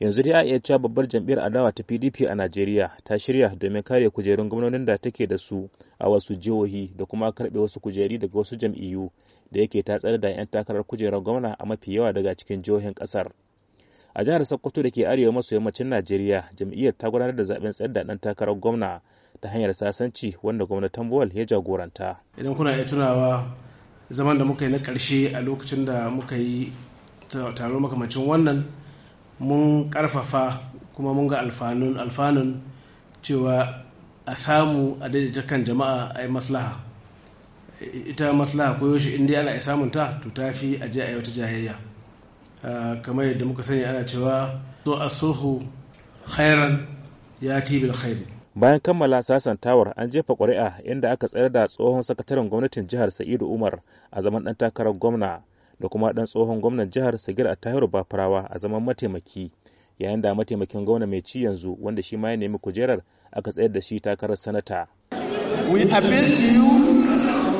yanzu dai a iya cewa babbar jam'iyyar adawa ta pdp a najeriya ta shirya domin kare kujerun gwamnonin da take da su a wasu jihohi da kuma karbe wasu kujeri daga wasu jam'iyyu da yake tatsar da 'yan takarar kujerar gwamna a mafi yawa daga cikin jihohin kasar a jihar sokoto da ke arewa maso yammacin najeriya jam'iyyar ta gudanar da zaben tsayar da dan takarar gwamna ta hanyar sasanci wanda gwamnatin buwal ya jagoranta idan kuna iya tunawa zaman da muka yi na karshe a lokacin da muka yi taro makamacin wannan mun karfafa kuma mun ga alfanun alfanun cewa a samu a daidaita kan jama'a a yi maslaha ita maslaha ko yaushe in ana samun ta to ta fi a je a yi wata jayayya ah, kamar yadda muka sani ana cewa so a sohu khairan ya tibil khairi bayan kammala sasantawar an jefa ƙuri'a inda aka tsayar da tsohon sakataren gwamnatin jihar sa'idu umar a zaman ɗan takarar gwamna da kuma ɗan tsohon gwamnan jihar Sagir tahiru Bafarawa a zaman mataimaki yayin da mataimakin gwamna mai ci yanzu wanda shi ma ya nemi kujerar aka tsayar da shi takarar sanata. We appeal to you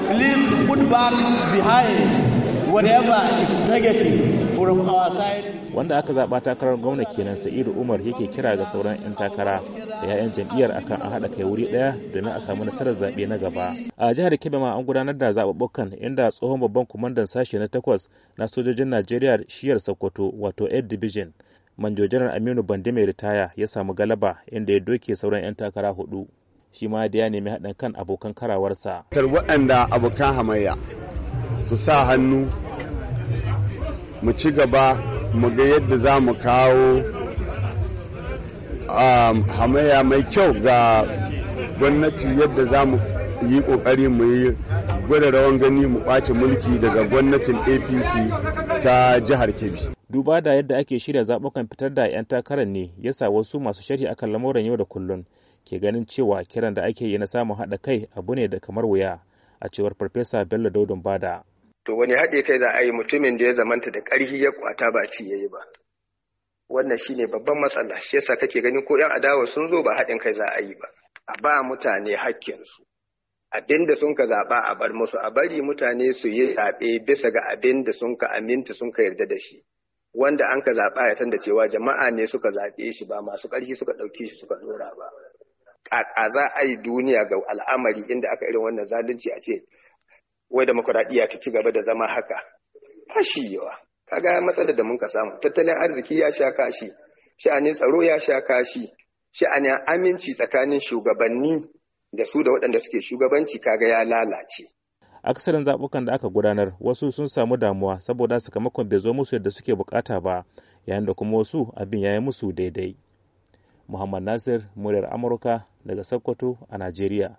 please put back behind whatever is negative from our side. wanda aka zaɓa takarar gwamna kenan sa'idu umar yake kira ga sauran 'yan takara da 'ya'yan jam'iyyar akan a haɗa kai wuri ɗaya domin a samu nasarar zaɓe na gaba a jihar kebbi ma an gudanar da zaɓuɓɓukan inda tsohon babban kwamandan sashe na takwas na sojojin najeriya shiyar sokoto wato 8 division manjo janar aminu bande mai ritaya ya samu galaba inda ya doke sauran 'yan takara hudu shi ma da ya nemi haɗin kan abokan karawarsa waɗanda abokan hamayya su sa hannu mu ci gaba mu ga yadda za mu kawo um, hamaya mai kyau ga gwamnati yadda za mu yi kokari mu yi gwada rawan gani mu ɓace mulki daga gwamnatin apc ta jihar kebbi duba da yadda ake shirya zaɓukan fitar da 'yan takarar ne ya sa wasu masu sharhi akan lamuran yau da kullun ke ganin cewa kiran da ake yi na samun haɗa kai abu ne da kamar wuya a cewar farfesa bello daudun bada to wani haɗe kai za a yi mutumin da ya zamanta da ƙarfi ya kwata ba ci ya yi ba wannan shine babban matsala shi yasa kake ganin ko yan adawa sun zo ba haɗin kai za a yi ba a ba mutane hakkinsu abin da sun ka zaɓa a bar musu a bari mutane su yi zaɓe bisa ga abin da sun ka aminta sun ka yarda da shi wanda an ka zaɓa ya san da cewa jama'a ne suka zaɓe shi ba masu ƙarfi suka ɗauki shi suka ɗora ba ƙaƙa za a yi duniya ga al'amari inda aka irin wannan zalunci a ce wai demokuraɗiyya ta ci gaba da zama haka ba shi yawa kaga matsalar da mun ka samu tattalin arziki ya sha kashi sha'anin tsaro ya sha kashi sha'anin aminci tsakanin shugabanni da su da waɗanda suke shugabanci kaga ya lalace akasarin zaɓukan da aka gudanar wasu sun samu damuwa saboda sakamakon bai zo musu yadda suke bukata ba yayin da kuma wasu abin ya yi musu daidai muhammad nasir muryar amurka daga sokoto a najeriya